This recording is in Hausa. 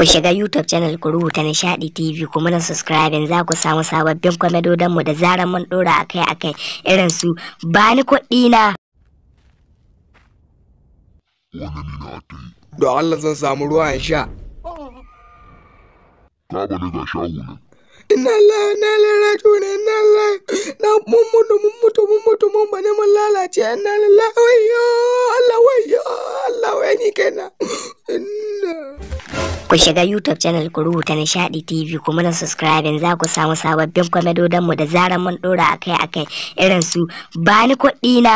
Ku shiga YouTube channel ku rubuta Nishadi TV kuma na subscribe za ku samu sababbin kwamedodon mu da zaran mun dora akai-akai irin su ba ni kuɗi na. Don Allah zan samu ruwa in sha. Ka bani ga shawu ne Inna Allah na lalato ne inna Allah na mun mutu mun mutu mun mutu mun bane mun lalace inna Allah wayo Allah wayo Allah wayo kenan. Inna Ku shiga YouTube channel ku rubuta Nishadi TV kuma na subscribing za ku samu sababbin mu da zarar mun dora akai-akai irin su bani kuɗi na